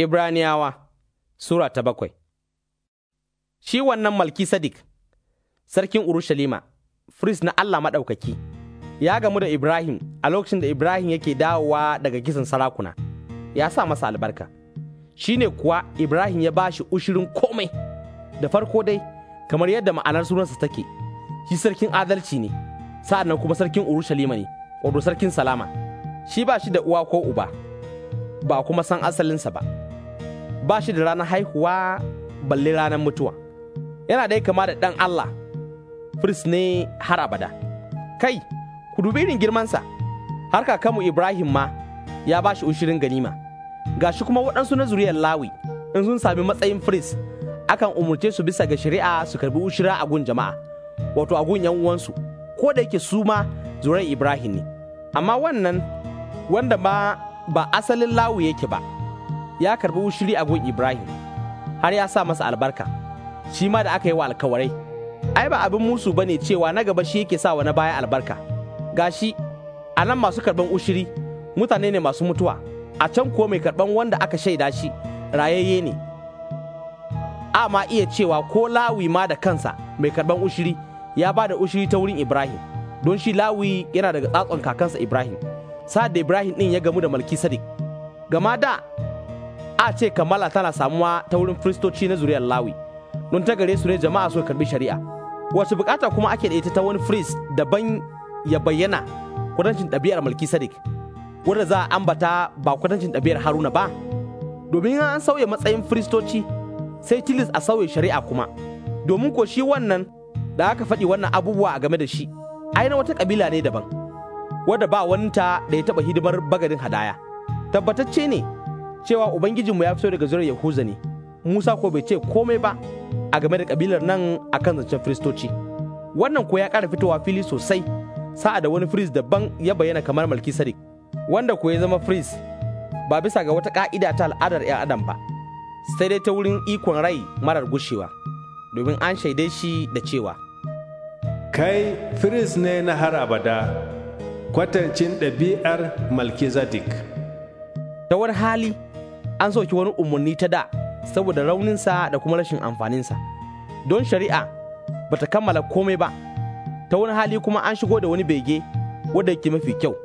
Ibraniyawa Sura ta bakwai Shi wannan Malki Sadik, sarkin Urushalima, firist na Allah maɗaukaki, ya gamu da Ibrahim a lokacin da Ibrahim yake dawowa daga kisan sarakuna, ya sa masa albarka. Shi ne kuwa Ibrahim ya ba shi ushirin komai, da farko dai, kamar yadda ma'anar sunansa take, shi sarkin adalci ne, sa'an nan kuma sarkin Urushalima ne, wato sarkin salama. Shi ba shi da uwa ko uba, ba kuma san asalinsa ba. ba shi da ranar haihuwa balle ranar mutuwa yana dai kama da ɗan Allah firist ne har abada kai ku dubi irin girmansa har kakanmu Ibrahim ma ya ba shi ushirin ganima Ga shi kuma waɗansu na zuriyar Lawi in sun sami matsayin firist akan umarce su bisa ga shari'a su karbi ushira a gun jama'a wato a gun 'yan uwansu ko da yake su ma zuriyar Ibrahim ne amma wannan wanda ba asalin Lawi yake ba ya karbi ushiri a gun Ibrahim har ya sa masa albarka shi ma da aka yi wa alkawarai ai ba abin musu bane cewa na gaba shi yake sa wa na baya albarka gashi a nan masu karban ushiri mutane ne masu mutuwa a can kuwa mai karban wanda aka shaida shi rayayye ne a iya cewa ko lawi ma da kansa mai karban ushiri ya ba da ushiri ta wurin ibrahim don shi lawi yana daga tsatson kakansa ibrahim sada da ibrahim din ya gamu da malki sadik gama da a ce kamala tana samuwa ta wurin firistoci na zuriyar lawi don ta gare su ne jama'a suka karbi shari'a wace bukata kuma ake da ita ta wani firist daban ya bayyana kudancin ɗabi'ar mulki sadik wanda za a ambata ba kudancin ɗabi'ar haruna ba domin an sauya matsayin firistoci sai tilis a sauya shari'a kuma domin ko shi wannan da aka faɗi wannan abubuwa a game da shi aina wata ƙabila ne daban wadda ba ta da ya taɓa hidimar bagadin hadaya tabbatacce ne cewa Ubangijinmu ya fito daga zuriyar Yahuza ne, Musa ko bai ce komai ba a game da kabilar nan a kan zancen Firistoci. Wannan ko ya ƙara fitowa fili sosai sa'a da wani firist daban ya bayyana kamar Malkisadik, wanda ko ya zama firist ba bisa ga wata ƙa'ida ta al'adar 'yan adam ba, sai dai ta wurin ikon rai marar gushewa, domin an shaide shi da cewa. Kai firist ne na har abada, kwatancin ɗabi'ar Malkizadik. Ta wani hali, an soki wani umarni ta da saboda rauninsa da kuma rashin amfaninsa don shari'a ba ta kammala komai ba ta wani hali kuma an shigo da wani bege wadda yake mafi kyau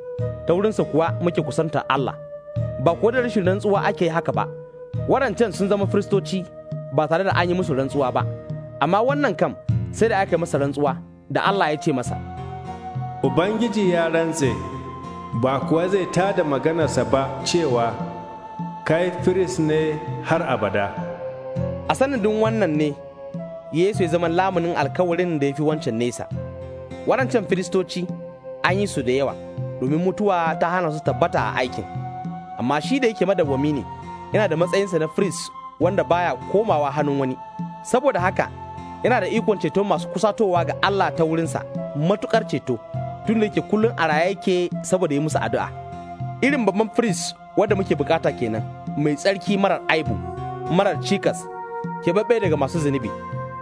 ta wurinsa kuwa muke kusanta Allah ba kuwa da rashin rantsuwa ake haka ba warancan sun zama firistoci ba tare da an yi musu rantsuwa ba amma wannan kam sai da aka yi masa rantsuwa da Allah ya ce masa ubangiji ya rantse ba kuwa zai tada maganarsa ba cewa kai firis ne har abada a sanadin wannan ne yesu ya zama lamunin alkawarin da ya fi wancan nesa waɗancan firistoci an yi su da yawa domin mutuwa ta hana su tabbata a aikin amma shi da yake madawwami ne yana da matsayinsa na firist wanda baya komawa hannun wani saboda haka yana da ikon ceto masu kusatowa ga Allah ta wurinsa matukar ceto tun da yake kullum a raye yake saboda yi musu addu'a irin babban firist wanda muke bukata kenan mai tsarki marar aibu marar cikas keɓaɓɓe daga masu zunubi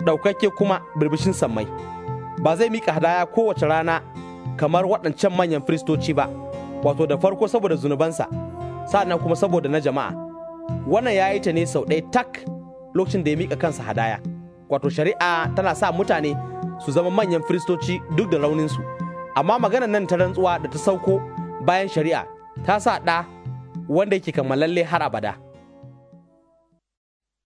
ɗaukakke kuma birbishin sammai ba zai mika hadaya kowace rana kamar waɗancan manyan firistoci ba wato da farko saboda zunubansa sa'annan kuma saboda na jama'a wannan ya yi ta ne sau ɗaya tak lokacin da ya mika kansa hadaya wato shari'a tana sa mutane su zama manyan firistoci duk da rauninsu amma maganar nan ta rantsuwa da ta sauko bayan shari'a ta sa ɗa wanda yake kammalalle har abada.